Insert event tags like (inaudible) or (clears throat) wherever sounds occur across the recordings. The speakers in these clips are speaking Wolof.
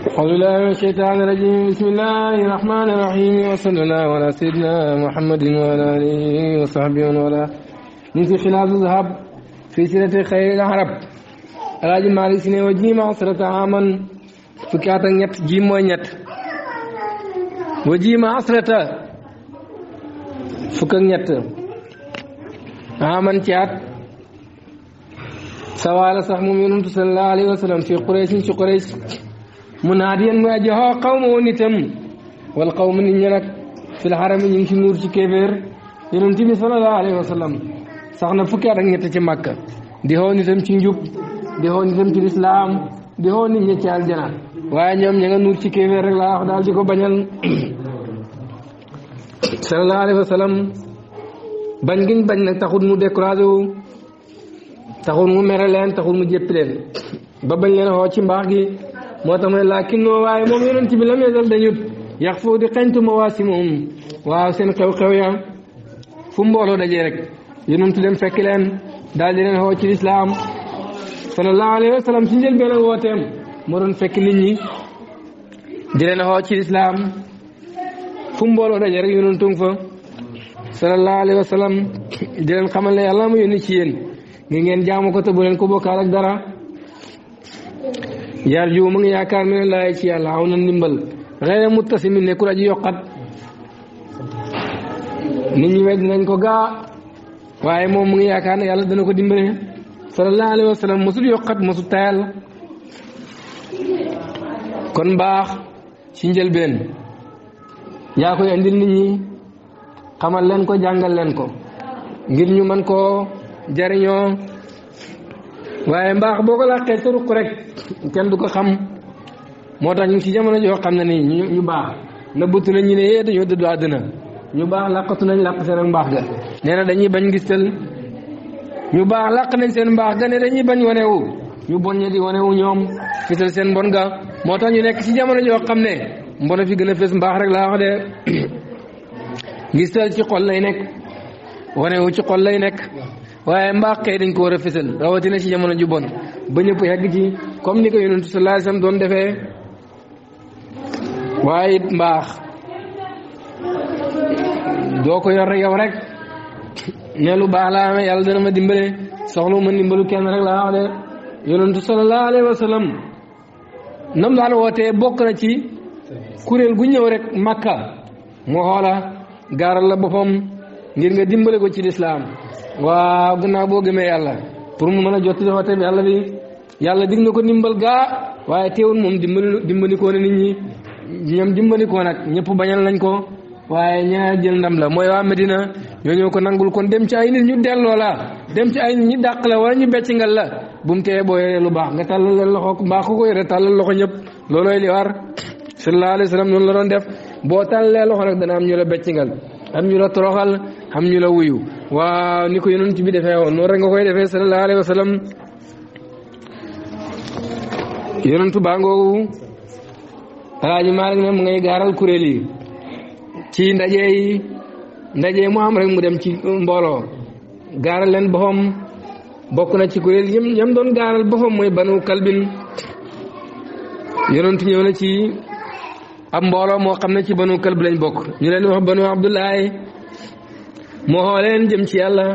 أعوذ بالله من الشيطان الرجيم بسم الله الرحمن الرحيم وصلى الله على سيدنا محمد وعلى آله وصحبه وعلى نسي خلاص الذهب في سيرة خير العرب راجل مالي سنة وجيمة صلاة عاما فكاتا نت جيم ونت وجيمة صلاة فكا نت عاما تيات سوال صحمو منهم صلى الله عليه وسلم في قريش في قريش mu naadiyan mu aji xoo xaw ma woon itam wala xaw ma fil xarami ñu ngi ci nuur ci kéeféer yonent bi sallallahu alayhi wa sallam sax na fukki at ak ñett ci màkka di xoo nitam ci njub di xoo nitam ci lislaam di xoo nit ci aljana waaye ñoom ña nga ci kéeféer rek laa daal di ko bañal (coughs) sallallahu alayhi wa sallam bañ giñ bañ nag taxul mu découragé wu taxul mu mere leen taxul mu jéppi leen ba bañ leen xoo ci mbaax moo tax ma laakin noo waaye moom yonent bi lam yasal dañut yax foo di xañtu ma waa si moom waaw seen xew-xew ya fu mbooloo dajee rek yonent dem fekk leen daal di leen xoo ci lislaam sallallahu alayhi wa sallam ci wooteem moo doon fekk nit ñi di leen xoo ci lislaam fu mbooloo dajee rek yonent fa sallallahu alayhi di leen xamal ne yàlla ma yónni ci yéen ngi ngeen jaamu ko te bu leen ko bokkaal ak dara yarju mu ngi yaakaar mi ne laay ci yàlla aw na ndimbal xëy na mu tasi mi nekkul aji yokkat nit ñi wedd nañ ko gaa waaye moom mu ngi yaakaar na yàlla dana ko dimbale sallallahu alayhi wa mosul yokkat mosul tayal kon baax ci njëlbeen yaa koy andil nit ñi xamal leen ko jàngal leen ko ngir ñu mën koo jariñoo waaye mbaax boo ko làqee sa ruq rek kenn du ko xam moo tax ñu ci jamono joo xam ne nii ñu ñu baax nëbbatu nañ ñu ne yee dañoo dëddu àddina ñu baax làqatu nañ làq seen mbaax ga nee dañuy bañ ngistal ñu baax làq nañ seen mbaax ga ne dañuy bañ wanewu ñu bon ña di wanewu ñoom fisal seen mbon ga moo tax ñu nekk ci jamono joo xam ne mbon fi gën a fës mbaax rek laa wax de (coughs) ngistal ci xol lay nekk wanewu ci xol lay nekk waaye mbaax kay dañ ko war a fisal rawatina ci jamono ju bon ba ñëpp yàgg ci comme ni ko yonentu sallallahu alayhi wasallam doon defee waaye it mbaax doo ko yor rek yow rek ne lu baax laa amee yàlla dana ma dimbale soxlu ma dimbalu kenn rek laa wax de yonentu sallallahu alayhi wasallam nam daan wootee bokk na ci kuréel gu ñëw rek makka mu xoola gaaral la boppam ngir nga dimbale ko ci lislaam waaw gannaaw boo gëmee yàlla pour mu mën a jot dafa teb yàlla bi yàlla dig na ko ndimbal gaa waaye teewul moom dimbali dimbalikoo na nit ñi ñoom dimbalikoo nag ñëpp bañal nañ ko waaye ñaa jël ndam la mooy waa Medina ñoo ñëw ko nangul kon dem ci ay nit ñu delloo la dem ci ay nit ñu dàq la wala ñu beccingal la bu tee boo yoree lu baax nga tàllal leen loxo mbaa ko ko yore tàllal loxo ñëpp loolooy li war sallallahu alayhi wa noonu la doon def boo tàllalee loxo nag dana am ñu la beccingal am ñu la toroxal am ñu la wuyu waaw ni ko noonu rek defee sallallahu alayhi yonentu baa ngoogu alaaji Maalik ne mu ngay gaaral kuréel yi ci ndaje yi ndaje mu am mu dem ci mbooloo gaaral leen boppam bokk na ci kuréel yam yam doon gaaral boppam mooy banu kalbin yonentu ñëw na ci ab mbooloo moo xam ne ci banu kalb lañ bokk ñu leen wax banu abdoulaye moo xoo jëm ci yàlla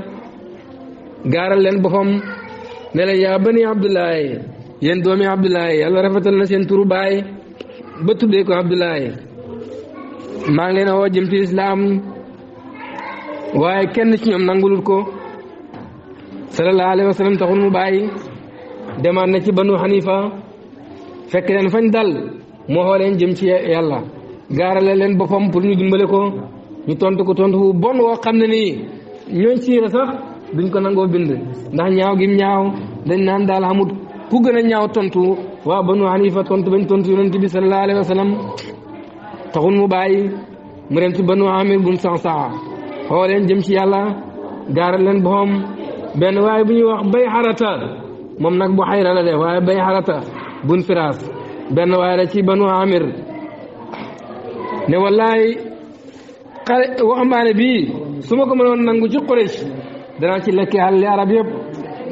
gaaral leen boppam ne leen yaa bani abdoulaye yéen doomi Abdoulaye yàlla rafetal na seen turu baay ba tuddee ko Abdoulaye maa ngi leen a woo jëm ci islaam waaye kenn ci ñoom nangulul ko sallallahu alayhi wa mu bàyyi demaat na ci banu xanifa fekk leen fañ dal moo xoo leen jëm ci yàlla gaarale leen boppam pour ñu dimbali ko ñu tontu ko tontu bu bon woo xam ne nii ñooñ siira sax duñ ko nangoo bind ndax ñaaw gim ñaaw dañ naan daal xamut ku gën a ñaaw tontu waa banu hanifa tontu bañ tontu yonent bi sallallahu alayhi wa sallam taxul mu bàyyi mu ci banu amir bun sansaa xoo leen ci yàlla gaaral leen boxom benn waaye bu ñuy wax bay xarata moom nag bu xayra la def waaye bay xarata bun firaas benn waaye la ci banu amir ne wallaay xale waxambaane bii su ma ko mënoon nangu ci Quraysh danaa ci lekk àlli arab yëpp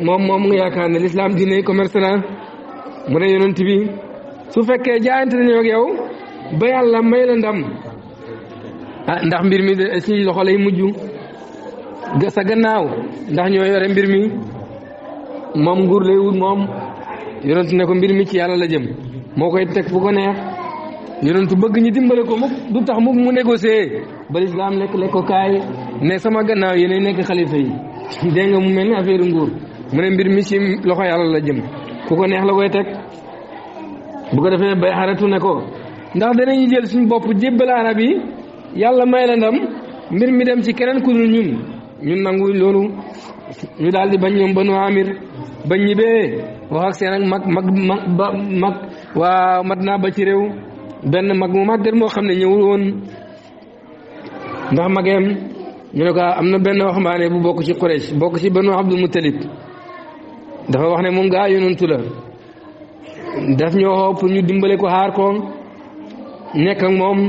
moom moom mu yaakaar ne lislaam diine commerce la mu ne yonent bi su fekkee jaayante nañoo ak yow ah ndax mbir mi ci loxo mujj sa gannaaw ndax ñoo yore mbir mi moom nguur lay wut moom yonent ko mbir mi ci yàlla la jëm moo koy teg fu ko neex bëgg ñu dimbale ko mukk du tax mukk mu négocier ba lislaam lekk lekk ko kaay ne sama gannaaw yéenay nekk xalifa yi (laughs) dégg nga mu mel ni affaire nguur mu ne mbir mi ci loxo yàlla la jëm ku ko neex la koy teg bu ko defee bay xaratu ne ko ndax danañu jël suñu bopp jébbal arab yi yàlla may la ndam mbir mi dem ci keneen ku dul ñun ñun nangu loolu ñu daal bañ ñoom banu amir bañ ñibbee wax seen ak mag mag ba mag waa mat naa ba ci réew benn mag mu màgget moo xam ne ñëwul woon ndax mageem ñu ne ko am na benn waxambaane bu bokk ci Quraysh bokk ci banu Abdul Muttalib dafa wax ne moom gaa yonantu la daf ñoo xoo pour ñu dimbale ko xaar ko nekk ak moom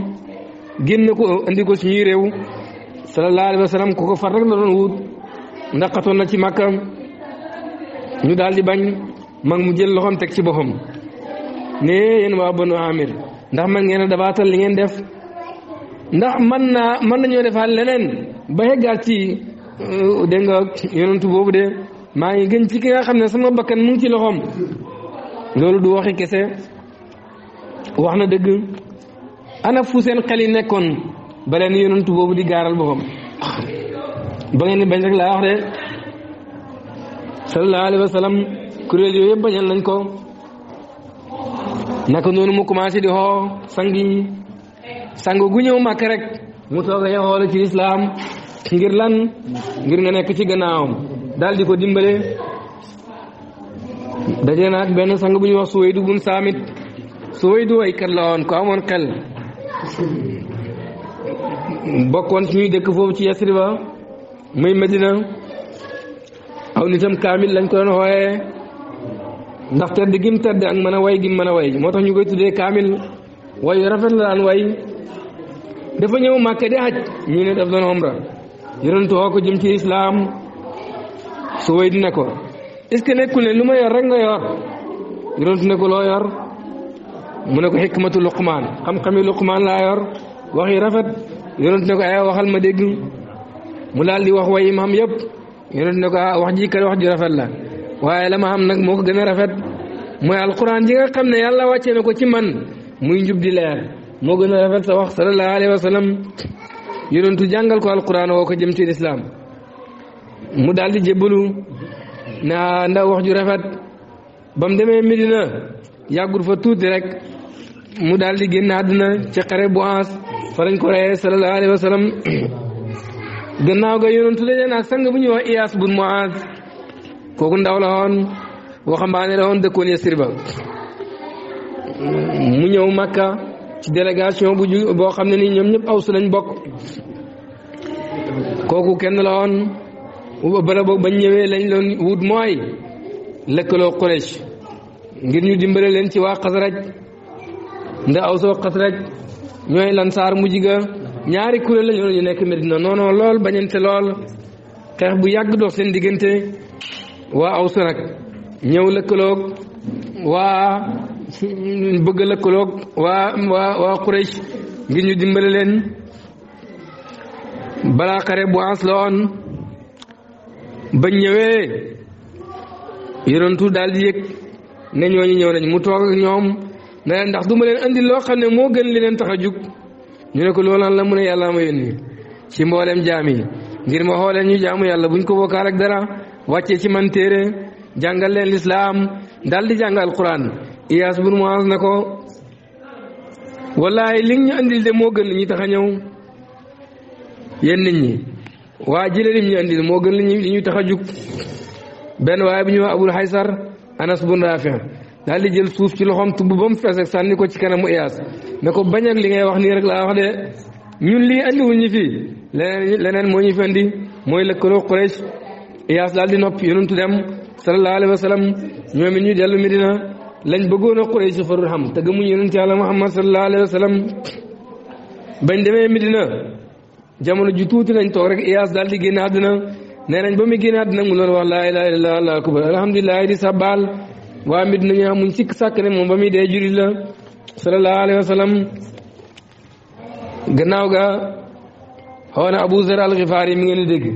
génn ko andi ko suñuy réew sallallahu alayhi wa sallam ku ko far rek la wut ndax xatoon na ci màkka ñu daal di bañ mag mu jël loxoom teg ci boppam ne yéen waa banu amir ndax man ngeen a dabaatal li ngeen def ndax man na mën nañoo defaat leneen ba xeggaat ci euh, dégg nga yonantu boobu de maa ngi gën ci ki nga xam ne sama bakkan mu ci loxoom loolu du waxi kese wax na dëgg ana fu seen xel yi nekkoon ba leen yonantu di gaaral boppam ba ngeen bañ rek laa wax de sallallahu wa sallam kuréel yooyu bañal nañ ko naka noonu mu commencé di xoo sang yi sang gu ñëw màkk rek mu toog a xool ci lislaam ngir lan ngir nga nekk ci gannaawam daal di ko dimbale daje na ak benn sang bu ñuy wax Suwaydu bun Saamit Suwaydu waykat la woon ko amoon xel bokkoon ci ñuy dëkk foofu ci Yasriba muy Medina aw nitam kaamil lañ ko doon xooyee ndax tedd gim tedd ak mën a way a way moo tax ñu koy tuddee kaamil wayu rafet la daan way dafa ñëw Màkka di haj ñu ne daf doon omra yonentu xoo ko jëm ci islaam su way dina ko est ce que nekkul ne lu ma yor rek nga yor yonentu ne ko loo yor mu ne ko xikmatu luqmaan xam-xami luqmaan laa yor wax yi rafet yonentu ne ko ay waxal ma dégg mu daal di wax way ma xam yëpp yonentu ne ko ah wax ji kat wax ji rafet la waaye la ma xam nag moo ko gën a rafet mooy alquran ji nga xam ne yàlla wàccee ne ko ci man muy njub di leer moo gën a rafet sa wax sallallahu alayhi wa sallam yonentu jàngal ko alquran woo ko jëm ci lislaam mu daal di jébbalu na wax ju rafet ba mu demee Medina yàggul fa tuuti rek mu daal di génn àdduna ci bu ans fa lañ ko reyee sallallahu alayhi wa sallam (coughs) gannaaw ga yonantu la leen sang bu ñuy wax Iyaas bun Muaz kooku ndaw la woon waxambaane la woon dëkkoon Yasrib mu ñëw Makka ci délégation bu ju boo xam ne nii ñoom ñëpp aw su lañ bokk kooku kenn la woon uba barab bañ ñëwee lañ doon wut mooy lëkkaloo Quraysh ngir ñu dimbale leen ci waa xasraj nda aw soo xasraj ñooy saar mujj jiga ñaari kuréel la ñu nekk Medina noonoo lool bañante lool xeex bu yàgg dox seen diggante waa aw nag ñëw lëkkaloog waa bëgg lëkkaloog waa waa waa Quraysh ngir ñu dimbale leen balaa xare bu la woon bañ ñëwee yonentu daal di yëg ne ñooñu ñëw nañ mu toog ak ñoom ne ndax duma leen andi loo xam ne moo gën li leen tax a jug ñu ne ko loolaan la mu a yàllaa ma yónni ci mboolem jaam yi ngir ma xooleen ñu jaamu yàlla buñ ko bokkaal ak dara wàccee ci man téere jàngal leen lislaam daal di jàngal alquran iyaas bun muaz na ko wallaay li ñu andil de moo gën li ñu tax a ñëw yéen nit ñi waa jële lim ñu andil moo gën li ñuy tax a benn waaye bu ñuy wax abul haysar anas bun rafi daal di jël suuf ci loxoom tubb ba mu fees ak sànni ko ci kanamu iyaas ne ko bañ ak li ngay wax nii rek laa wax de ñun lii andiwuñ ñu fii leneen leneen moo ñu fi andi mooy lëkkaloo Quraysh iyaas daal di noppi yonentu dem sallallahu alayhi wa sallam ñoom mi ñu dellu Medina lañ bëggoon a Quraysh farul xam te gëmuñ yonentu yàlla Muhammad sallallahu alayhi wa sallam bañ demee Medina jamono ju tuuti lañ toog rek iyaas daal di génn àdduna nee nañ ba muy génn àdduna mu doon wax laa ilaaha illallaah allaahu akbar alhamdulilah di sabbaal waa mbir nañu sikk sàkk ne moom ba muy dee jullit la sallallahu alayhi wa sallam gannaaw ga xaw Abu Zar al-Xifaar yi mi ngeen di dégg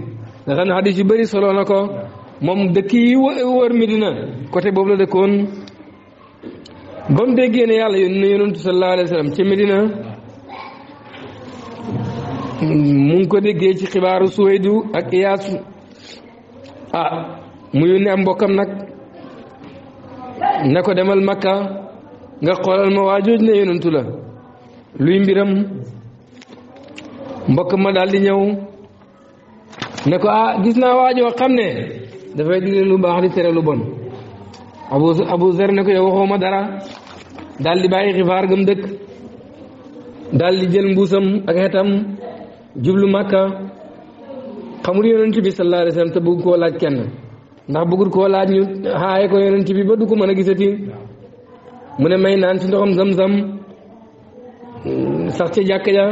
nga xam ne xadis ko moom dëkk yi wër Medina côté boobu la dëkkoon ba mu déggee ne yàlla na yonantu sallallahu alayhi wa ci Medina. mu ngi ko déggee ci xibaaru suwaydu ak iyaasu ah muyu ne am mbokkam nag ne ko demal makka nga xoolal ma waajooj ne yonentu la luy mbiram mbokk ma daldi di ñëw ne ko ah gis naa waajoo xam ne dafay digle lu baax di tere lu bon abu zer ne ko yow waxoo dara daal di bàyyi xibaar gam dëkk daal jël mbuusam ak xetam jublu màkka xamul yonent bi sallallahu alayhi wa sallam te bëgg koo laaj kenn ndax bëggul koo laaj ñu xaaye ko yonent bi ba du ko mën a gisati mu ne may naan ci ndoxam zam-zam sax ca jàkk ja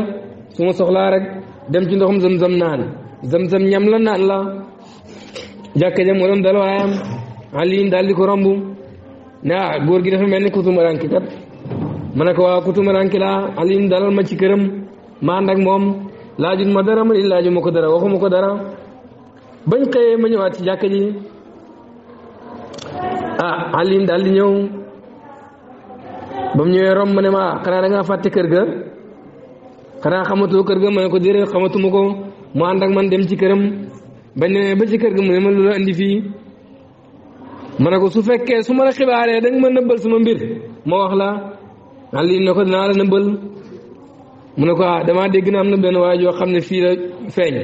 su soxlaa rek dem ci ndoxam zam-zam naan zam-zam ñam la naan la jàkk ja moo doon dal waayam Aliin daal di ko romb ne ah góor gi dafa mel ni kutumaranki kat ma ne ko waaw kutumaranki laa Aliin dalal ma ci këram ma ànd moom laajut ma dara man it ma ko dara waxuma ko dara bañ xëyee ma ñëwaat ci jàkka ji ah Alioune daal di ñëw ba ñëwee romb ma ne ma ah, xanaa da ngaa kër ga xanaa xamatoo kër ga ma ne ko déedéet xamatuma ko mu ànd ak man dem ci këram bañ ne ba ci kër ga mu ma lu la indi fii ma ne ko su fekkee su ma la xibaaree da nga ma nëbbal suma mbir ma wax la Alioune ne ko dinaa la nëbbal. mu ne ko ah damaa dégg na am na benn waay yoo xam ne fii la feeñ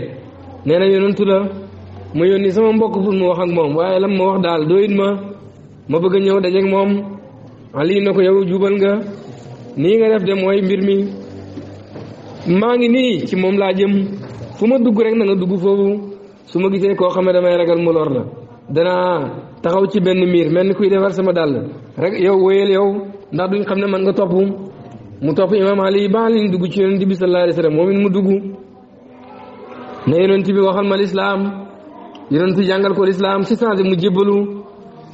nee na yonentu la ma yónni sama mbokk pour mu wax ak moom waaye lam ma wax daal doyit ma ma bëgg a ñëw dajeeg moom Ali na ko yow jubal nga nii nga def de mooy mbir mi maa ngi nii ci moom laa jëm fu ma dugg rek na nga dugg foofu su ma gisee koo xam ne damay ragal mu lor la danaa taxaw ci benn miir mel ni kuy defar sama dàll rek yow wéyal yow ndax duñ xam ne man nga topp mu topp imam ali baax liñ dugg ci yonent bi sallallahu alayhi wa sallam moom it mu dugg ne yonent bi waxal ma lislaam yonent jàngal ko lislaam si santé mu jébbalu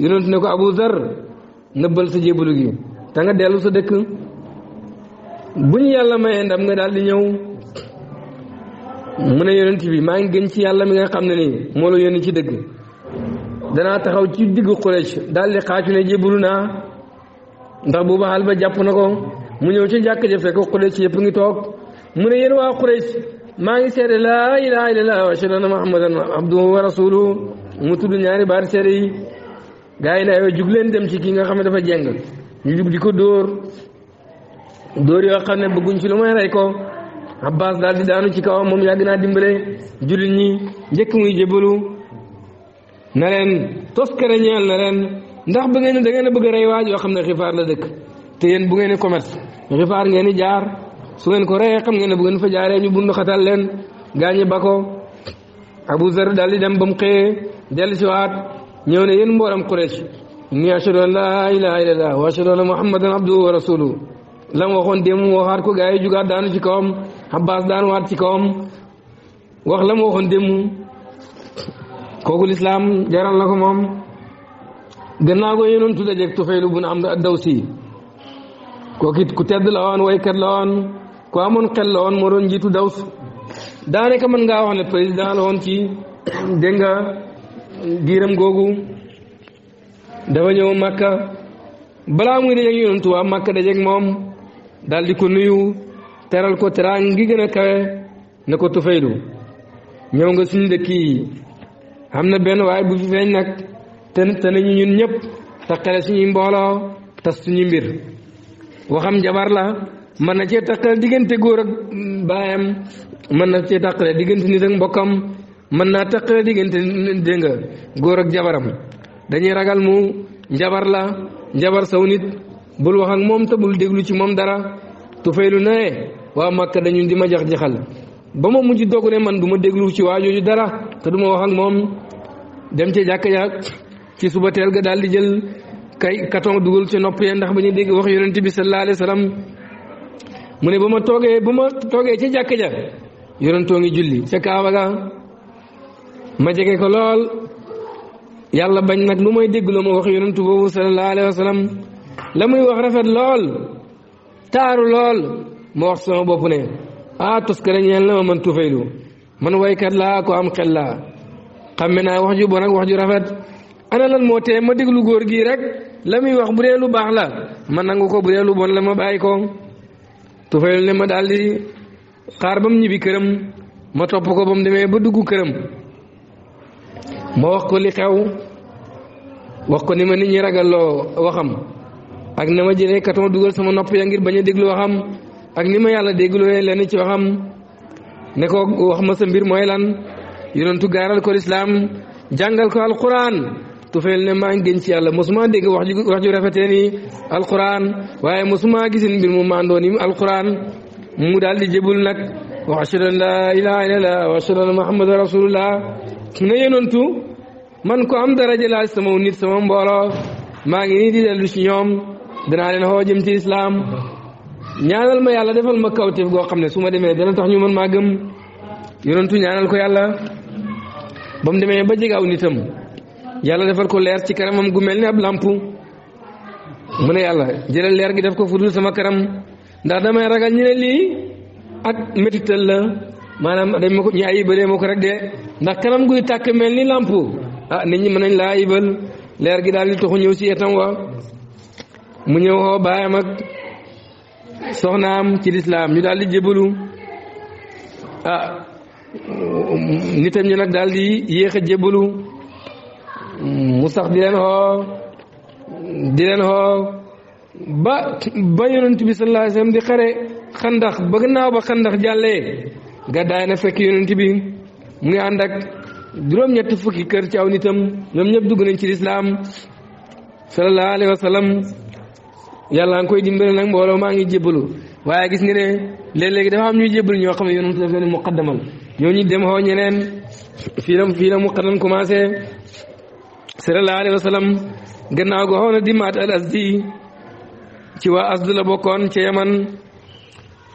yonent ne ko Abu Zar sa jébbalu gi te nga dellu sa dëkk bu yàlla mayee nga daal di ñëw mu ne yonent bi maa ngi gën ci yàlla mi nga xam ne ni moo la yónni ci dëgg danaa taxaw ci diggu Quraysh daal di xaacu ne jébbalu naa ndax booba xaal ba jàpp na ko mu ñëw ci jàkk ja fekk Quraysh yëpp ngi toog mu ne yéen waa Quraysh maa ngi seede laa ilaha illallah wa ashhadu anna muhammadan abduhu wa rasuluhu mu tudd ñaari baat seede yi gaa yi ne aywa dem ci kii nga xam ne dafa jeng ñu jug di ko dóor dóor yoo xam ne bëgguñ ci lu may rey ko Abbas daal di daanu ci kawam moom yàgg naa dimbale jullit ñi njëkk muy jébalu na leen tos kër ñeel na leen ndax ba ngeen da ngeen a bëgg a rey waaj yoo xam ne xifaar la dëkk. te yéen bu ngeen di commerce rifaar ngeen di jaar su ngeen ko reyee xam ngeen ne bu ngeen fa jaaree ñu bund xatal leen gaañi bako Abu Zar daal di dem ba mu xëyee dellu si waat ñëw ne yéen mbooram Quraysh ni ashhadu an laa ilaaha illallah wa ashhadu anna muhammadan abduhu wa rasuluhu lam waxoon démb waxaat ko gars yi jugaat daanu ci kawam Abbas daanu waat ci kawam wax lam waxoon démb kooku lislaam jaral na ko moom gannaaw ko yéenoon tuddee jeeg Tufaylu bun Amr ad-Dawsi kooku it ku tedd la woon waykat la woon ku amoon xel la woon moo doon njiitu daws daanaka mën ngaa wax ne président la woon ci (clears throat) dégg nga giiram googu dafa ñëw Makka balaa muy dajeeg yonent waa Makka dajeeg moom daal di ko nuyu teral ko teraang ngi gën a kawe na ko tufaylu ñëw nga suñu dëkk yi am na benn waaye bu fi feeñ nag te te nañu ñun ñëpp taqale suñuy mbooloo tas suñu mbir waxam jabar la mën na cee taqale diggante góor ak baayam mën na cee taqale diggante nit ak mbokkam mën naa taqale diggante dégg nga góor ak jabaram dañuy ragal mu njabar la njabar saw nit bul wax ak moom te bul déglu ci moom dara tufaylu nee waa Màkka dañu di ma jax jaxal ba ma mujj doog ne man du ma déglu ci waa jooju dara te du ma wax ak moom dem ci jàkka ja ci suba teel ga daal di jël. kay katon dugal ci nopp ya ndax ba ñu dégg wax yonent bi sallallahu alayhi mu ne ba ma toogee ba ma toogee ci jàkk ja yonentoo ngi julli ca kaaba ga ma jege ko lool yàlla bañ nag lu may dégg lu ma wax yonentu boobu sallallahu alayhi wa sallam la muy wax rafet lool taaru lool ma wax sama bopp ne ah toskare ñeel la ma man tufaylu man waykat laa ko am xel laa xam naa wax ju bon ak wax ju rafet ana lan moo tee ma déglu góor gii rek la muy wax bu dee lu baax la ma nangu ko bu dee lu bon la ma bàyyi ko tufayul ne ma daal xaar ba mu ñibbi këram ma topp ko ba mu demee ba dugg këram ma wax ko li xew wax ko ni ma nit ñi ragalloo waxam ak na ma jëlee carton dugal sama nopp ngir bañ a déglu waxam ak ni ma yàlla dégloo lenn ci waxam ne ko wax ma sa mbir mooy lan yonentu gaaral ko lislaam jàngal ko alquran tufeel ne maa ngi gën ci yàlla mosuma dégg wax ju wax ju rafetee ni alquran waaye mosuma gisin mbir mu mandoo ni alquran mu daal di jëbul nag wa ashhadu an laa ilaaha illallah wa ashhadu anna muhammadan rasulullah na yenoontu man ko am daraja laa sama nit sama mbooloo maa ngi di dellu ñoom danaa leen xoo jëm ci islaam ñaanal ma yàlla defal ma kawteef goo xam ne su ma demee dana tax ñu mën maa gëm yenoontu ñaanal ko yàlla ba mu demee ba jegaaw nitam yàlla defal ko leer ci karamam gu mel ni ab làmp mu ne yàlla jëlal leer gi def ko fu sama karam ndax damay ragal ñu ne lii ak metital la maanaam dañ ma ko ñu ayibalee ma ko rek de ndax kanam guy tàkk mel ni làmp ah nit ñi mën nañ laa ayibal leer gi daal di ñëw si etam wa mu ñëw xoo ci lislaam ñu daal di jébalu ah nitam ñu nag daal di yéex mu sax di leen xoo di leen xoo ba ba yonent bi sallallahu alayhi wasallam di xare xandax ba gannaaw ba xandax jàllee gàddaay na fekk yonent bi mu ngi ànd ak juróom-ñetti fukki kër ci aw nitam ñoom ñëpp dugg nañ ci lislaam sallallahu alayhi wasallam yàlla nga koy dimbale nag mbooloo maa ngi jébbalu waaye gis nga ne léeg-léegi dafa am ñuy jébbalu ñoo xam ne yonent dafa leen muqaddamal ñoo ñu dem xoo ñeneen fii la fii la muqaddam commencé sallallahu alayhi wa sallam gannaaw ga dimaat al asdi ci waa asdu la bokkoon ci yaman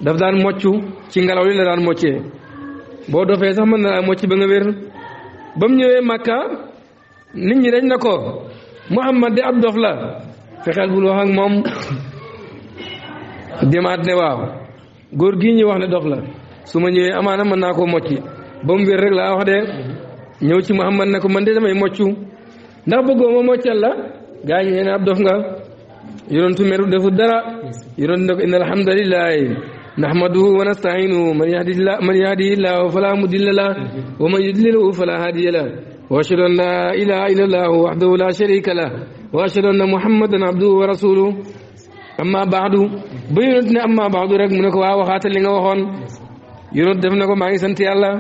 daf daan moccu ci ngelaw li la daan moccee boo dofee sax mën na mocc ba nga wér ba mu ñëwee Makka nit ñi dañ na ko Muhammad di ab dof la fexeel bul wax ak moom dimaat ne waaw góor gii ñu wax ne dof la su ma ñëwee amaana mën naa koo mocc ba mu wér rek laa wax de ñëw ci Muhammad ne ko man de damay moccu ndax bëggoo ma moccal la gaa ñi nee na ab dof nga yonentu dara yonentu ne ko wa nasta'inuhu man yahdihi llahu fala mudilla lah wa man yudlilhu fala hadiya lah wa ashhadu an la ilaha illa llahu wahdahu la sharika lah wa ashhadu anna muhammadan abduhu wa rasuluhu amma baadu ba yonent ne amma baadu rek mu ne ko waa li nga waxoon yonent def na ko maa ngi sant yàlla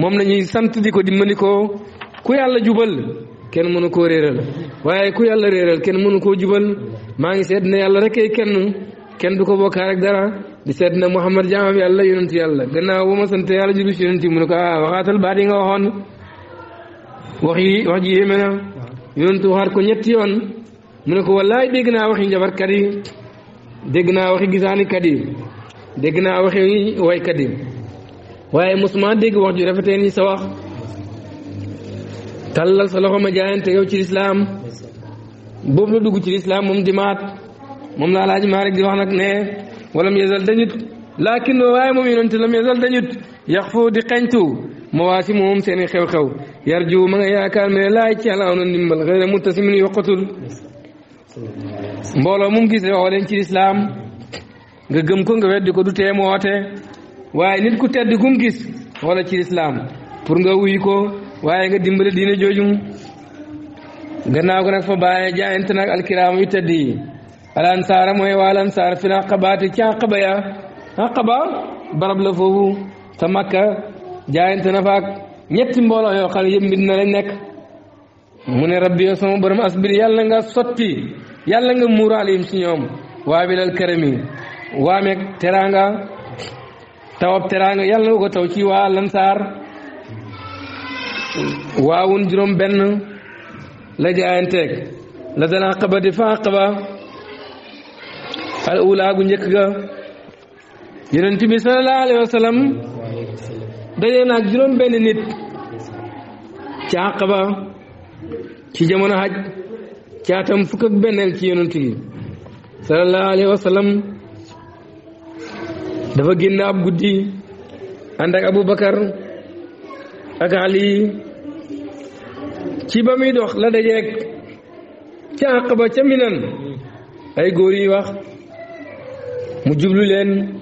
moom la ñuy sant di ko dimbali ko ku yàlla jubal kenn mënu koo réeral waaye ku yàlla réeral kenn mënu koo jubal maa ngi seet na yàlla rek ay kenn kenn du ko bokkaar ak dara di seet ne Muhammad jaamam yàlla yonent yàlla gannaaw ba ma sant yàlla julli si yonent mu ne ko ah waxaatal baat yi nga waxoon wax yi wax ji yéeme na yonentu waxaat ko ñetti yoon mu ne ko wallaay dégg naa waxi njabarkat yi dégg naa waxi gisaanikat yi dégg naa waxi waykat yi waaye mosuma dégg wax ju rafetee ni sa wax tàllal sa a ma jaayante yow ci lislaam boobu la dugg ci lislaam moom dimaat moom laa laaj maa rek di wax nag ne walam yezal dañut laakin waaye moom la lam yezal dañut yax foo di xeñtu ma waa si moom seen i xew-xew yarju ma nga yaakaar mene laaj ci àlaaw na ndimbal xëy na muttasimin yokkatul mbooloo moom gis oo leen ci lislaam nga gëm ko nga weddi ko du tee moote waaye nit ku tedd gum gis wala ci islam pour nga wuyu ko waaye nga dimbale diina joojum gannaaw ko nag fa bàyyee jaayante nag alkiraam yu tedd yi alansaara mooy waa alansaar fi la xabaati ci xaqaba ya xaqaba barab la foofu sa makka jaayante na faak ñetti mbooloo yoo xam ne yëpp na lañ nekk mu ne rabbi yow sama borom asbir yàlla nga sotti yàlla nga muuraal yim si ñoom waa bilal karami waameeg teraanga tawab teraanga yàlla nga ko taw ci waa alansaar waawun juróom benn la jaayanteeg la dal àqaba di fa àqaba al ula gu njëkk ga yonent bi sallallahu alayhi wa jamono haj dafa génn ab guddi ànd ak Abubakar ak yi ci ba muy dox la dajeeg ca àq ba ca minan ay góor yi wax mu jublu leen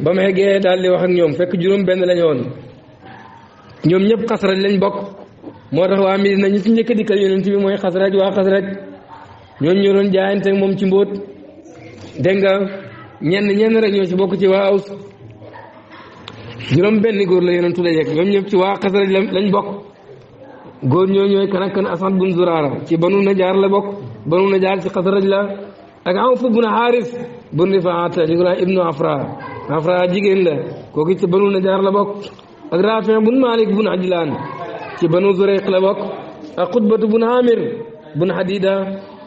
ba mu eggee daal di wax ak ñoom fekk juróom benn lañu woon ñoom ñëpp xasraj lañ bokk moo tax waa Medina ñu ci njëkk dikkal yonent bi mooy xasraj waa xasraj ñoom ñoo doon jaayante moom ci mbóot dégg nga ñenn ñenn rek ñoo ci bokk ci waa Aws juróom benn góor la yonentu dajeek ñoom ñëpp ci waa xasaraj lañ bokk góor ñoo ñooy kan ak kan asad bun zuraara ci banu najaar la bokk banu najaar ci xasaraj la ak am fu bun xaaris bun rifaata ñu ko daan ibnu afra afra jigéen la kooku ci banu najaar la bokk ak rafin bun malik bun ajlaan ci banu zureyq la bokk ak xutbatu bun amir bun hadida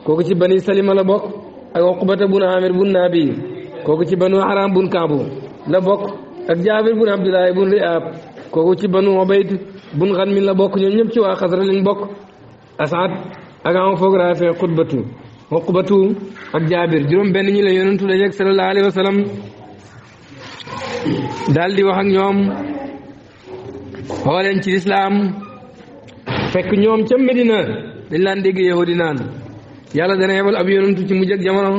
kooku ci bani salima la bokk ak uqbata bun amir bun nabi kooku ci banu haram bun kaabu la bokk ak jaabir bun abdulaahi bun riab kooku ci banu obayd bun xan min la bokk ñoom ñëpp ci waa xasra lañ bokk asaad ak am foog raafee xutbatu uqbatu ak jaabir juróom benn ñi la yonentu dajeeg sallallahu alayhi wa sallam daal ñoom xooleen ci lislaam fekk ñoom ca Medina dañ laan dégg yahudi naan yàlla dana yebal ab yonentu ci mujj ak jamono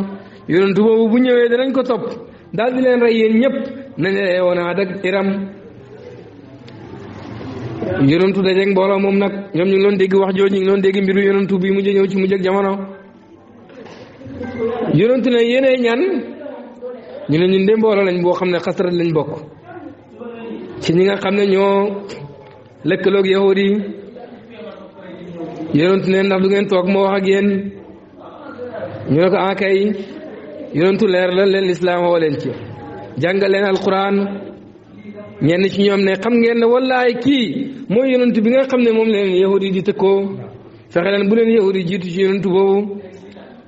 yonentu boobu bu ñëwee danañ ko topp daal leen rey yéen ñëpp nañu wonaat adak iram yonantu dajeeg mbooloo moom nag ñoom ñu ngi doon dégg wax jooju ñu ngi dégg mbiru yonantu bi mujj ñëw ci mujj ak jamono yonantu ne yéenay ñan ñu ne ñun de mbooloo lañ boo xam ne xasrat lañ bokk ci ñi nga xam ne ñoo lëkkaloog yahood yi yonantu ne ndax du ngeen toog moo wax ak yéen ñu ko en ah, kay leer la leen lislaam woo ci jàngaleen alquran ñenn ci ñoom ne xam ngeen ne wallaay kii mooy yonent bi nga xam ne moom leen yahud yi di tëkkoo fexe leen bu leen yahud yi jiitu ci yonent boobu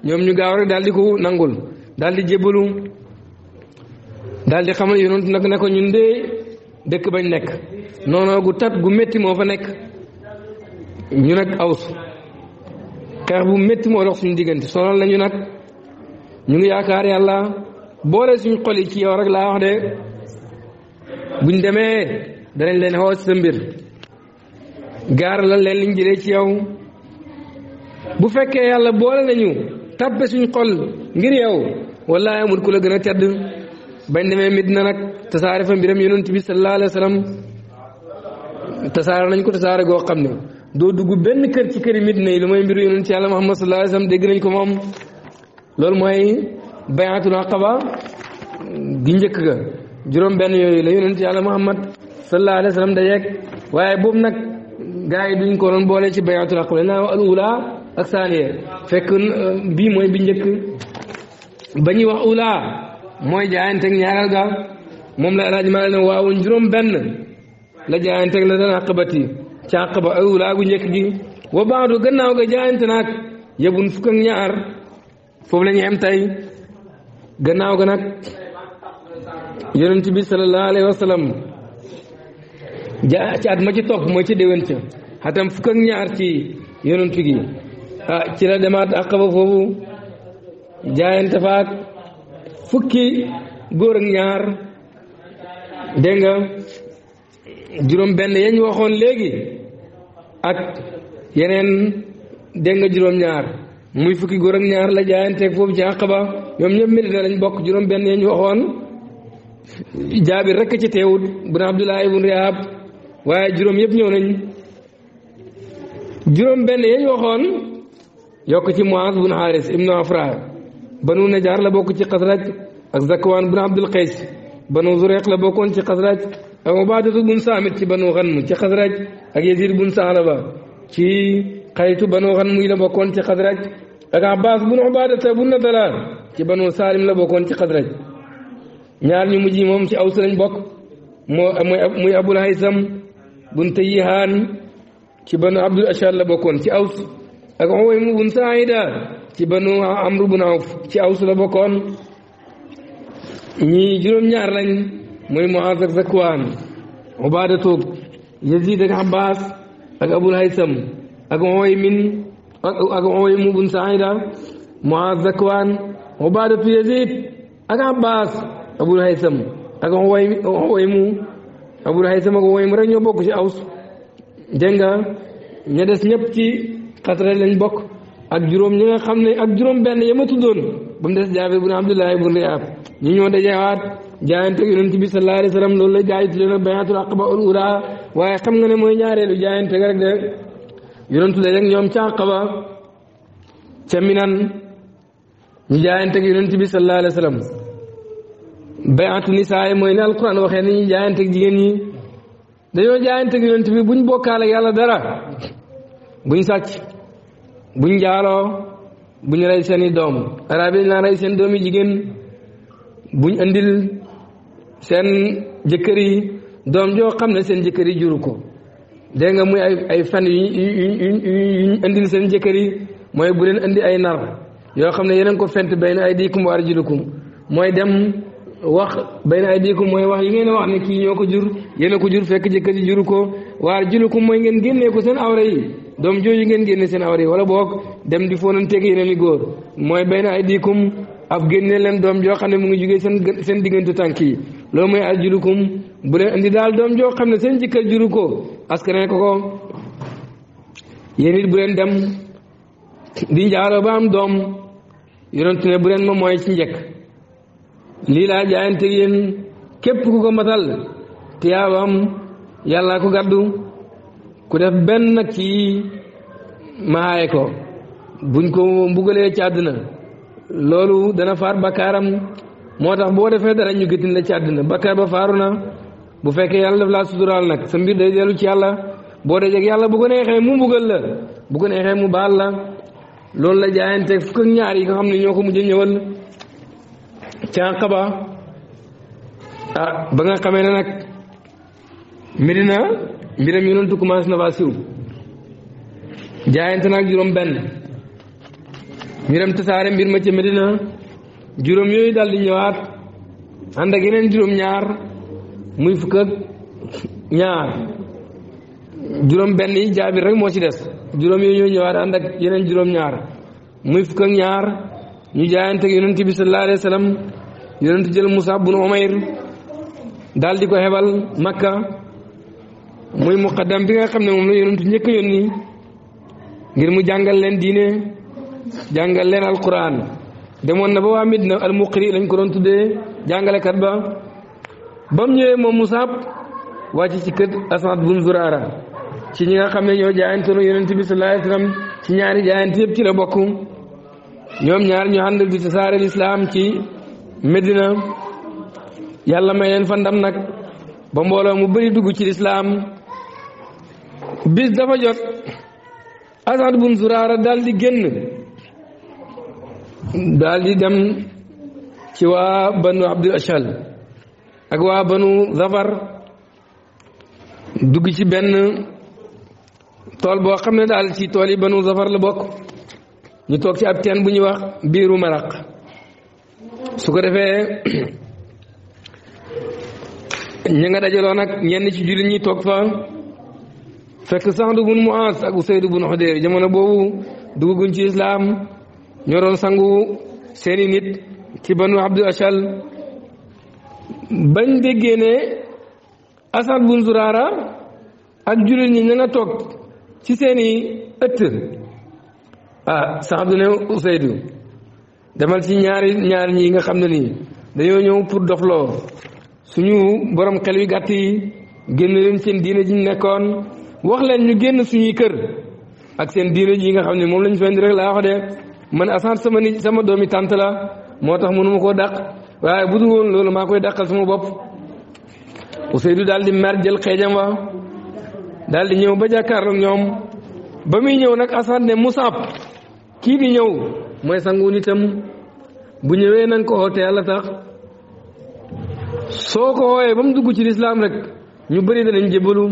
ñoom ñu gaaw rek daal di ko nangul daal di jébalu daal di xamal yonent nag ne ko ñun de bañ nekk noonu gu tat gu metti moo fa nekk ñu nag aws xeex bu metti moo dox suñu diggante sonal nañu nag ñu ngi yaakaar yàlla boole suñ xol yi ci yow rek laa wax de ñu demee danañ leen xoos sa mbir gaar la leen liñ jëlee ci yow bu fekkee yàlla boole nañu tàppe suñ xol ngir yow wallahi amul ku la gën a tedd bañ demee mit na nag tasaare fa mbiram yonent bi sallallahu alayhi wa sallam tasaare nañ ko tasaare goo xam ne doo dugg benn kër ci këri mit yi lu may mbiru yonent yàlla Muhammad sallallahu alayhi wa sallam dégg nañ ko moom loolu mooy bayatul aqaba gi njëkk ga juróom benn yooyu la yonent yàlla muhammad sallallahu alayhi wa waaye boobu nag gaa yi duñ ko boole ci bayatul aqaba naa al ula ak saaniya fekk euh, bii mooy bi njëkk ba ñuy wax ula mooy jaayanteeg ñaareel ga moom la alaaji maa leen waawul juróom benn la jaayanteeg la njëkk gi wa baadu jaayante naag yebun fukk ñaar foofu la ñu am tey gannaaw ga nag yonent bi sallallahu alayhi wa ja ci at ma ci topp mooy ci déwén ca xatam fukk ñaar ci yonent gi ah ci la demaat Aqaba foofu jaayante faak fukki góor ak ñaar dégg juróom benn yañ waxoon léegi ak yeneen dégg nga juróom ñaar muy fukki góor ak ñaar la jaayanteeg foofu ci àq ñoom ñëpp mérite lañ bokk juróom-benn yi ñu waxoon jaabir rek ci teewut bu na Abdullah ibn waaye juróom yëpp ñëw nañ juróom-benn yi waxoon yokk ci Muaz bun Haris ibnu Afra banu Najaar la bokk ci Xasraj ak Zakwaan bun Abdul Qays banu Zureeq la bokkoon ci Xasraj ak Ubaadatu bun Saamit ci banu Xanm ci Xasraj ak Yazid bun Saalaba ci. xaritu banu xanmuy la bokkoon ci xadraj ak abbas bunu ubaadata bu nadala ci banu saalim la bokkoon ci xadraj ñaar ñu mujj moom ci aws lañ bokk moo muy abul haysam bun tayihaan ci banu abdul ashar la bokkoon ci aws ak uwaym bun saayida ci banu amru bun awf ci aws la bokkoon ñii juróom-ñaar lañ muy muaz ak zakwaan abul haysam ak ooy min ak ooy mu bun saida muaz zakwaan ubaadatu yazid ak abbas ak ooy ooy haysam ak ooy mu rek ñoo bokk ci aws dégg nga ña des ñëpp ci xatara lañ bokk ak juróom ñi nga xam ne ak juróom benn ya ma tuddoon ba mu des jaabir bun abdullahi bun riyaab ñi ñoo dajewaat jaayante yonent bi sallallahu alayhi wa sallam loolu la gaa yi tuddoon bayatul waaye xam nga ne mooy ñaareelu jaayante ga rek de yonentu léeg-léeg ñoom ca Aqaba ca Minan ñu jaayante ak yonent bi sallallahu alayhi wa sallam bayaatu nisaay mooy ne alquran waxee ni ñu jaayante jigéen ñi dañoo jaayante ak bi buñ bokkaale yàlla dara buñ sàcc buñ jaaloo buñ rey seeni i doom arab yi rey seen doom yi jigéen buñ andil seen jëkkër yi doom joo xam ne seen jëkkër yi juru ko dégg nga muy ay ay fen yu ñu indil seen jëkkër yi mooy bu leen indi ay nar yoo xam ne yeneen ko fent bay na ay diikum wa arjulukum mooy dem wax bay na ay diikum mooy wax yi ngeen wax ne kii ñoo ko jur yéen a ko jur fekk jëkkër ji juru ko wa arjulukum mooy ngeen génnee ko seen awra yi doom jooju ngeen génne seen awra yi wala boog dem di foonanteeg yeneen i góor mooy bay na ay diikum ab génne leen doom joo xam ne mu ngi jugee seen seen diggante tànk yi loolu mooy al jurukum bu leen indi daal doom joo xam ne seen jëkkër juru ko askan ko ko yéen bu leen dem di njaaroo ba am doom yonent ne bu leen ma mooy ci njëkk lii laa jaayante yéen képp ku ko matal tiyaabam yàllaa ko gàddu ku def benn nag ci maaye ko buñ ko mbugalee ci àddina loolu dana faar bakkaaram motax bo defé dara ñu gëtin la ci aduna bakkar ba faaru na bu fekke yalla daf laa suturaal nag sa mbir day delu ci yalla bo dajé ak yalla bu ko nexé mu mbugal la bu ko nexé mu bal la loolu la jaayante fuk ak ñaar yi nga xamni ñoko mujjë ko mujj ñëwal ca xaba ah ba nga xamé nak nag Medina mbiram yonentu commencé na wasiw jaayante nak juroom ben mbiram tassare mbir ma ci Medina juróom yooyu daal di ñëwaat ànd ak yeneen juróom ñaar muy fukk ak ñaar juróom benn yi jaabir rek moo ci des juróom yooyu ñoo ñëwaat ànd ak yeneen juróom ñaar muy fukk ñaar ñu jaayante ak yonent bi sallallahu alayhi wa sallam jël Musab bunu Umayr daldi di ko xebal Makka muy muqaddam bi nga xam ne moom la yonentu njëkk nii ngir mu jàngal leen diine jàngal leen alquran demoon na ba waa Midina al muqri lañ ko doon tuddee jàngalekat ba ba ñëwee moom Musab wàcc ci kër Asad bun Zuraara ci ñi nga xam ne ñoo jaayantoon yonent bi sallallahu alayhi wasallam ci ñaari jaayante yëpp ci la bokk ñoom ñaar ñu ànd di tasaare lislaam ci Medina yàlla may leen fa ndam nag ba mbooloo mu bëri dugg ci lislaam bis dafa jot Asad bun Zuraara daal di génn. daal di dem ci waa banu abdul ashal ak waa banu safar dugg ci benn tool boo xam ne daal ci tool yi banu zafar la bokk ñu toog ci ab teen bu ñuy wax biiru maraq su ko defee (clears throat) ña nga dajaloo nag ñenn ci jullit ñi toog fa fekk Saxd bun Muaas ak Usayd bun Xudayr jamono boobu dugguñ ci islaam ñoroon sangu seeni nit ci banu abdul ashal bañ déggee ne asad bun zuraara ak jullit ñi ña nga toog ci seeni ëtt ah sax du ne Ousseydu demal ci ñaari ñaar ñi nga xam ne nii dañoo ñëw pour dofloo suñu borom xel yu gàtt yi génn leen seen diine ji nekkoon wax leen ñu génn suñuy kër ak seen diine ji nga xam ne moom lañ fay rek laa wax de man asaan sama nit sama doomi tànt la moo tax mënu ma koo daq waaye bu dul loolu maa koy dàqal sama bopp Ousseynou daal di mar jël xeejam wa daal di ñëw ba jàkkaarloog ñoom ba muy ñëw nag asaan ne Musab kii bi ñëw mooy sangu nitam bu ñëwee na nga ko oote tax soo ko ooyee ba mu dugg ci lislaam rek ñu bëri danañ jébbalu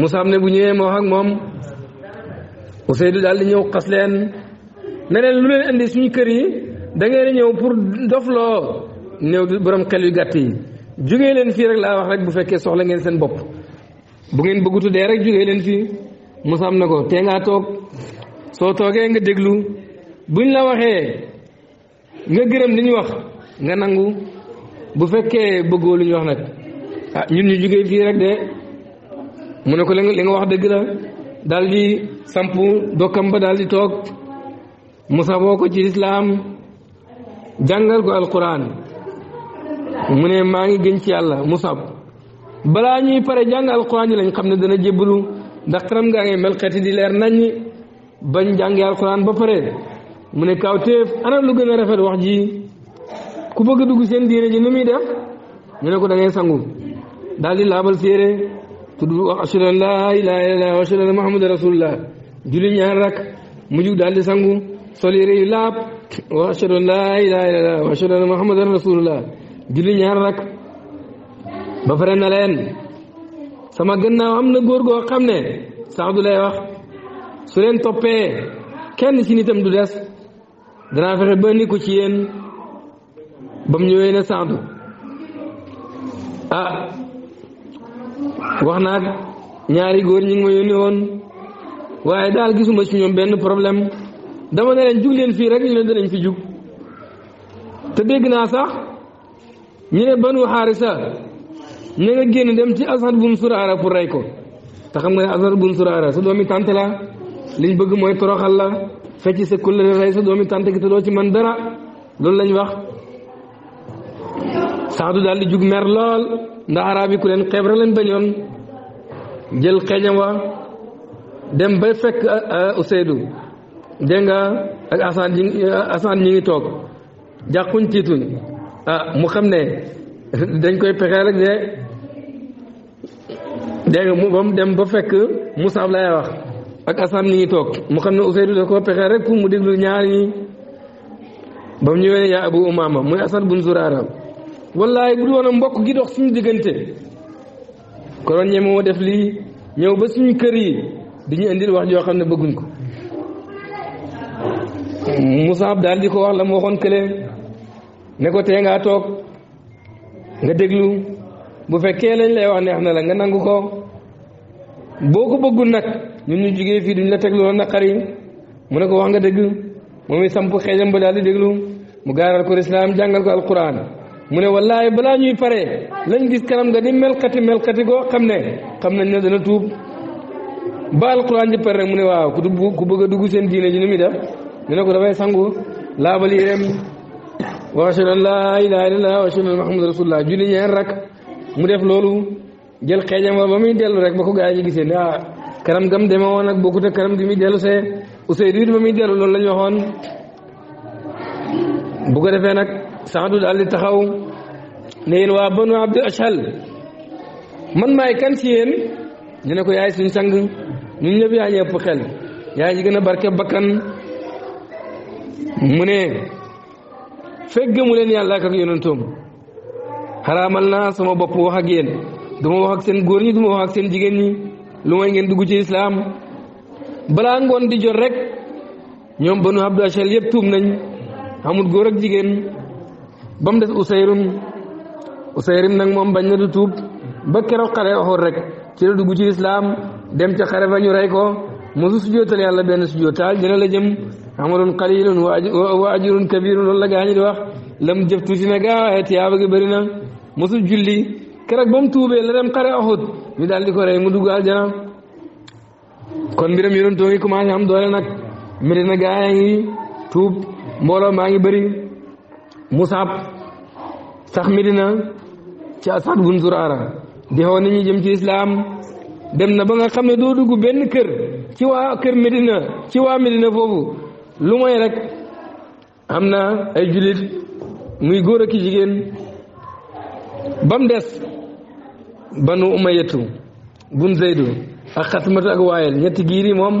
Musab ne bu ñëwee ma wax ak moom Ousseynou daal di ñëw xas ne lu leen indi suñu kër yi da ngeen ñëw pour loo néew borom xel yu gàtt yi jógee leen fii rek laa wax rek bu fekkee soxla ngeen seen bopp bu ngeen bëggutu dee rek jóge leen fii Musa am na ko tee ngaa toog soo toogee nga déglu buñ la waxee nga gërëm li ñu wax nga nangu bu fekkee bëggoo lu ñu wax nag ñu ah, ñun ñu jógee fii rek de mu ne ko li nga wax dëgg la daal di samp dokkam ba daal di toog musabo ko ci lislam jangal ko alquran mu ne maa ngi gën ci yàlla musab balaa ñuy pare jàng alquran ñi lañ xam ne dana jébalu ndax xaram ngaa ngay melxeeti di leer nañ ñi bañ jàngi alquran ba pare mu ne kaw téef ana lu gën a rafet wax ji ku bëgg dugg seen diine ji nu muy def ñu ne ko da ngay sangu daal di laabal séere tudd wax asadu an la ilaha illa allah wa asadu anna muhammadan rasulullah julli ñaar rek mu jug daal di sangu sol yére yu laab wa ashadu an laa ilaaha illallaah wa ashadu anna muhammadan ñaar rak ba na leen sama gannaaw am na góor goo xam ne sax du lay wax su leen toppee kenn ci nitam du des danaa fexe ba ni ko ne sax ah wax naa ñaari góor ñi ngi ma yónni woon waaye daal gisuma ci ñoom benn problème dama ne leen jug leen fii rek ñu leen danañ fi jug te dégg naa sax ñu ne banu xaarisa ña nga génn dem ci asad bun suraara pour rey ko te xam nga ne bu bun suraara sa doomi tànt la liñ bëgg mooy toroxal la fecc sa kullëre rey sa doomi tànt gi te doo ci man dara loolu lañ wax saadu daal di jug mer lool ndax araab yi ku leen xeeb rek leen bañoon jël xeejam wa dem ba fekk Ousseynou euh, euh, dégg nga ak asaan ñi asaan ñi ngi toog jàquñ tiituñ ah mu xam ne dañ koy pexee rek de dégg mu ba mu dem ba fekk mu Musab lay wax ak asaan ñi ngi toog mu xam ne Useydu da koo pexee rek pour mu déglu ñaar ñi ba mu ñëwee yaa Abu Umaama muy Asad bun Zuraara wallaahi bu du mbokk gi dox suñu diggante konoon ñememoo def lii ñëw ba suñu kër yi di ñu indil wax joo xam ne bëgguñ ko Musaab daal di ko wax la mu waxoon kële ne ko tee ngaa toog nga déglu bu fekkee lañ lay wax neex na la nga nangu ko boo ko bëggul nag ñun ñu jugee fii duñ la teg loolu naqari mu ne ko wax nga dégg moom i samp xeejam ba daal di déglu mu gaaral ko lislaam jàngal ko alquran mu ne wallaahi balaa ñuy pare lañ gis kanam nga di melkati melkati goo xam ne xam nañ ne dana tuub ba alquran ji pare rek mu ne waaw ku bëgg a dugg seen diine ji ni muy def. ñu ne ko dafay sangu laabal yéreem wa ashhadu an laa ilaaha illallaah wa ashhadu anna mu def loolu jël xeejam wala ba muy dellu rek ba ko gaa yi gisee ne ah kanam gam demee woon ak bokkut ak kanam di muy dellu see Ousseynou it ba muy dellu loolu la ñu waxoon bu ko defee nag Saadu daal di taxaw ne yéen waa banu Abdul Ashal man maay kan si yéen ñu yaay suñ sang ñun ñëpp yaa ñëpp xel yaa ji gën barke bakkan mu ne fekk mu leen yàlla ak yonentoom na naa sama bopp wax ak yéen duma wax ak seen góor ñi duma wax ak seen jigéen ñi lu may ngeen duggu ci islaam balaa ngoon di jot rek ñoom banu Abdu Ashal yëpp tuub nañ amul góor ak jigéen ba mu des Usayrun Usayrun nag moom bañ na du tuub ba keroog xare waxoon rek ci la dugg ci islaam dem ca xare ba ñu rey ko mosu sujjootal yàlla benn sujjootaal dina la jëm amalun qalilun wa ajrun kabirun loolu la gaa ñi di wax lam jëf tuuti na gaa waaye tiyaaba gi bëri na julli keroog ba mu tuubee la dem xare Uhud ñu daal ko rey mu dugg aljana kon mbiram yonent ngi commencé am doole nag mbiri na gaa yaa ngi tuub mbooloo maa ngi bëri musaab sax Medina ci Asad bun Zuraara di xaw nit ñi ci islaam dem na ba nga xam ne doo dugg benn kër ci waa kër Medina ci waa Medina foofu lu mooy rek am na ay jullit muy góor ak jigéen ba mu des banu umayatu bun zaydu ak xatmatu ak waayel ñetti giir yi moom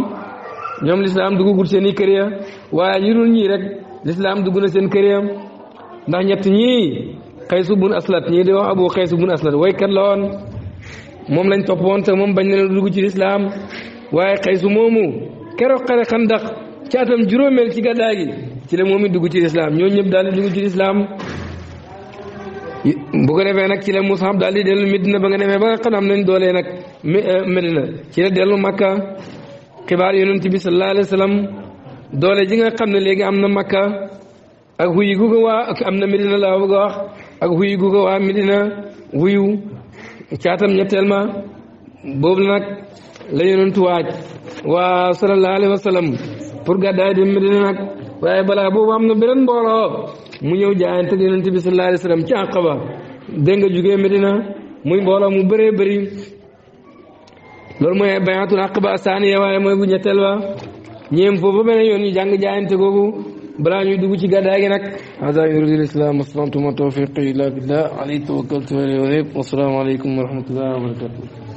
ñoom lislaam duggagul seen i kër ya waaye ñu dul ñii rek lislaam dugg na seen kër ya ndax ñett ñii xaysu bun aslaat ñii di wax abu xaysu bun aslat waykat la woon moom lañ toppoon te moom bañ na leen dugg ci lislaam waaye xaysu moomu keroog xare xandax ci atam juróomeel ci gàddaay gi ci la moom it dugg ci lislaam ñoo ñëpp daal di dugg ci lislaam bu ko defee nag ci la Musab daal di dellu Medina ba nga defee ba nga ne am nañ doole nag euh, Medina ci la dellu Makka xibaar yonent bi sallallahu alayhi wa sallam doole ji nga xam ne léegi am na Makka ak huyi gu waa am na Medina laa bëgg wax ak huyi gu ko waa Medina wuyu caatam ñetteel ma boobu la nag la yonentu waaj waa sallallahu alayhi wa pour gàddaay dem Medina nag waaye balaa boobu am na beneen mbooloo mu ñëw jaayante yonent bi sallallahu alayhi wa sallam ci Aqaba dégg nga jugee Medina muy mbooloo mu bëree bëri loolu mooy bayatul Aqaba saaniya waaye mooy bu ñetteel wa ñeem foofu beneen yoon ñu jàng jaayante googu balaa ñuy dugg ci gàddaay gi nag hada yuridul islam asalaamtuma tawfiqi illa billah alayhi tawakkaltu wa ilayhi unib wasalaamu aleykum wa rahmatullahi wa barakatuh